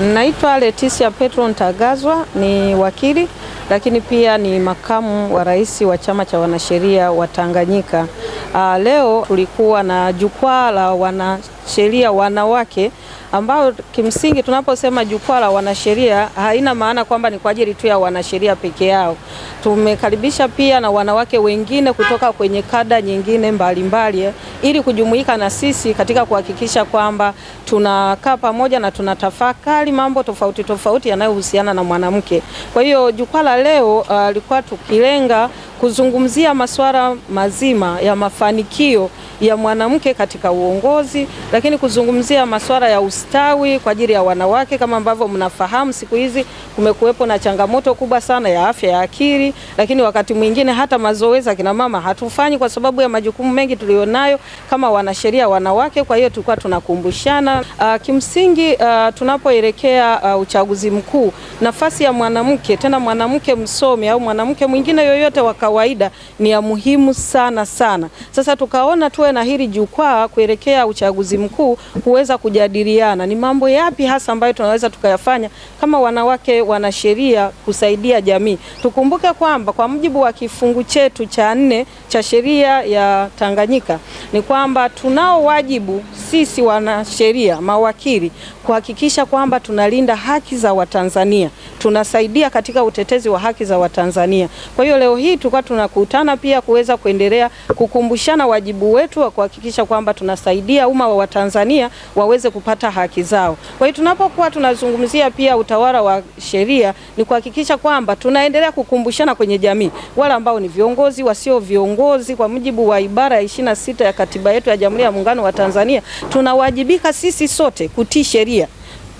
Naitwa Leticia Petro Ntagazwa, ni wakili lakini pia ni makamu wa rais wa chama cha wanasheria wa Tanganyika. Ah, leo tulikuwa na jukwaa la wanasheria wanawake ambao kimsingi tunaposema jukwaa la wanasheria haina maana kwamba ni kwa ajili tu ya wanasheria peke yao. Tumekaribisha pia na wanawake wengine kutoka kwenye kada nyingine mbalimbali mbali, eh, ili kujumuika na sisi katika kuhakikisha kwamba tunakaa pamoja na tunatafakari mambo tofauti tofauti yanayohusiana na mwanamke. Kwa hiyo jukwaa la leo uh, ah, likuwa tukilenga kuzungumzia masuala mazima ya mafanikio ya mwanamke katika uongozi, lakini kuzungumzia masuala ya ustawi kwa ajili ya wanawake. Kama ambavyo mnafahamu, siku hizi kumekuwepo na changamoto kubwa sana ya afya ya akili, lakini wakati mwingine hata mazoezi akina mama hatufanyi kwa sababu ya majukumu mengi tulionayo kama wanasheria wanawake. Kwa hiyo tulikuwa tunakumbushana uh, kimsingi uh, tunapoelekea uh, uchaguzi mkuu, nafasi ya mwanamke tena mwanamke msomi au mwanamke mwingine yoyote waka kawaida ni ya muhimu sana sana. Sasa tukaona tuwe na hili jukwaa kuelekea uchaguzi mkuu kuweza kujadiliana ni mambo yapi hasa ambayo tunaweza tukayafanya kama wanawake wanasheria kusaidia jamii. Tukumbuke kwamba kwa mujibu wa kifungu chetu cha nne cha sheria ya Tanganyika ni kwamba tunao wajibu sisi wanasheria mawakili kuhakikisha kwamba tunalinda haki za Watanzania tunasaidia katika utetezi wa haki za Watanzania. Kwa hiyo leo hii tulikuwa tunakutana pia kuweza kuendelea kukumbushana wajibu wetu wa kuhakikisha kwamba tunasaidia umma wa Watanzania waweze kupata haki zao. Kwa hiyo tunapokuwa tunazungumzia pia utawala wa sheria, ni kuhakikisha kwamba tunaendelea kukumbushana kwenye jamii, wale ambao ni viongozi, wasio viongozi, kwa mujibu wa ibara ya sita ya katiba yetu ya Jamhuri ya Muungano wa Tanzania, tunawajibika sisi sote kutii sheria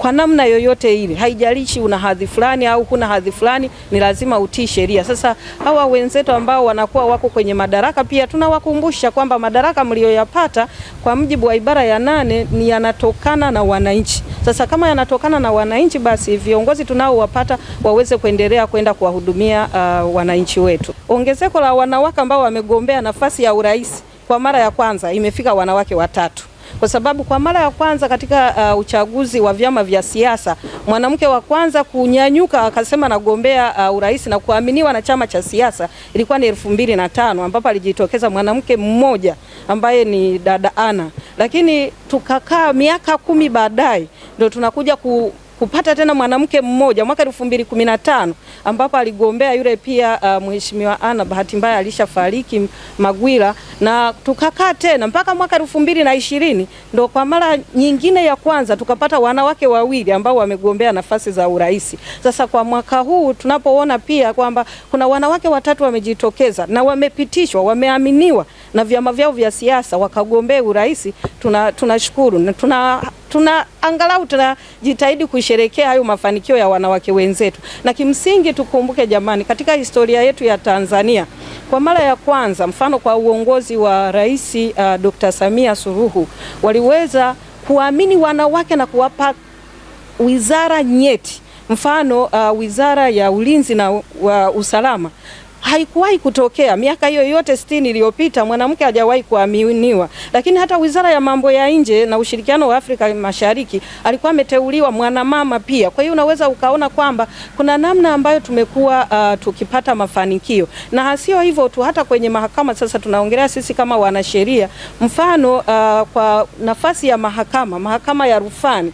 kwa namna yoyote ile, haijalishi una hadhi fulani au kuna hadhi fulani, ni lazima utii sheria. Sasa hawa wenzetu ambao wanakuwa wako kwenye madaraka, pia tunawakumbusha kwamba madaraka mliyoyapata kwa mujibu wa ibara ya nane ni yanatokana na wananchi. Sasa kama yanatokana na wananchi, basi viongozi tunaowapata waweze kuendelea kwenda kuwahudumia uh, wananchi wetu. Ongezeko la wanawake ambao wamegombea nafasi ya urais kwa mara ya kwanza imefika wanawake watatu kwa sababu kwa mara ya kwanza katika uh, uchaguzi wa vyama vya siasa mwanamke wa kwanza kunyanyuka akasema nagombea uh, urais na kuaminiwa na chama cha siasa ilikuwa ni elfu mbili na tano ambapo alijitokeza mwanamke mmoja ambaye ni dada Ana, lakini tukakaa miaka kumi baadaye ndio tunakuja ku kupata tena mwanamke mmoja mwaka 2015 ambapo aligombea yule pia uh, mheshimiwa Ana, bahati mbaya alishafariki Magwira, na tukakaa tena mpaka mwaka 2020 ndo kwa mara nyingine ya kwanza tukapata wanawake wawili ambao wamegombea nafasi za urais. Sasa kwa mwaka huu tunapoona pia kwamba kuna wanawake watatu wamejitokeza na wamepitishwa, wameaminiwa na vyama vyao vya siasa wakagombea urais, tunashukuru tuna na tuna tuna angalau tunajitahidi kusherekea hayo mafanikio ya wanawake wenzetu, na kimsingi tukumbuke jamani, katika historia yetu ya Tanzania kwa mara ya kwanza, mfano kwa uongozi wa Rais uh, Dr. Samia Suluhu waliweza kuamini wanawake na kuwapa wizara nyeti, mfano uh, wizara ya ulinzi na uh, usalama haikuwahi kutokea miaka hiyo yote sitini iliyopita, mwanamke hajawahi kuaminiwa. Lakini hata wizara ya mambo ya nje na ushirikiano wa Afrika Mashariki alikuwa ameteuliwa mwanamama pia. Kwa hiyo unaweza ukaona kwamba kuna namna ambayo tumekuwa uh, tukipata mafanikio, na hasio hivyo tu, hata kwenye mahakama sasa tunaongelea sisi kama wanasheria, mfano uh, kwa nafasi ya mahakama mahakama ya rufani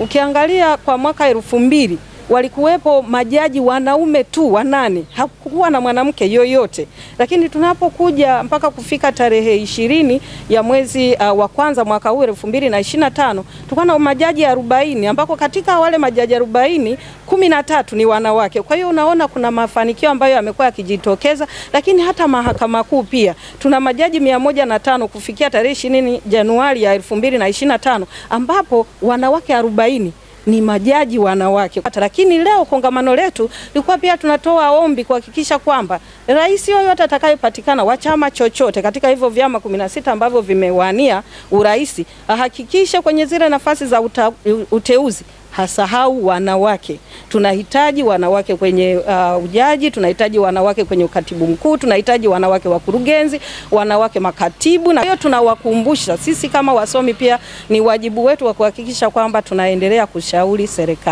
ukiangalia kwa mwaka elfu mbili walikuwepo majaji wanaume tu wanane, hakukuwa na mwanamke yoyote. Lakini tunapokuja mpaka kufika tarehe ishirini ya mwezi uh, wa kwanza mwaka huu elfu mbili na ishirini na tano tulikuwa na majaji arobaini ambako katika wale majaji arobaini kumi na tatu ni wanawake. Kwa hiyo unaona kuna mafanikio ambayo yamekuwa yakijitokeza, lakini hata mahakama kuu pia tuna majaji mia moja na tano kufikia tarehe ishirini Januari ya elfu mbili na ishirini na tano ambapo wanawake arobaini ni majaji wanawake. Lakini leo kongamano letu lilikuwa pia tunatoa ombi kuhakikisha kwamba rais yoyote atakayepatikana wa chama chochote katika hivyo vyama 16 ambavyo vimewania urais ahakikishe kwenye zile nafasi za uta, uteuzi hasahau wanawake. Tunahitaji wanawake kwenye uh, ujaji, tunahitaji wanawake kwenye ukatibu mkuu, tunahitaji wanawake wakurugenzi, wanawake makatibu. Na hiyo tunawakumbusha sisi kama wasomi, pia ni wajibu wetu wa kuhakikisha kwamba tunaendelea kushauri serikali.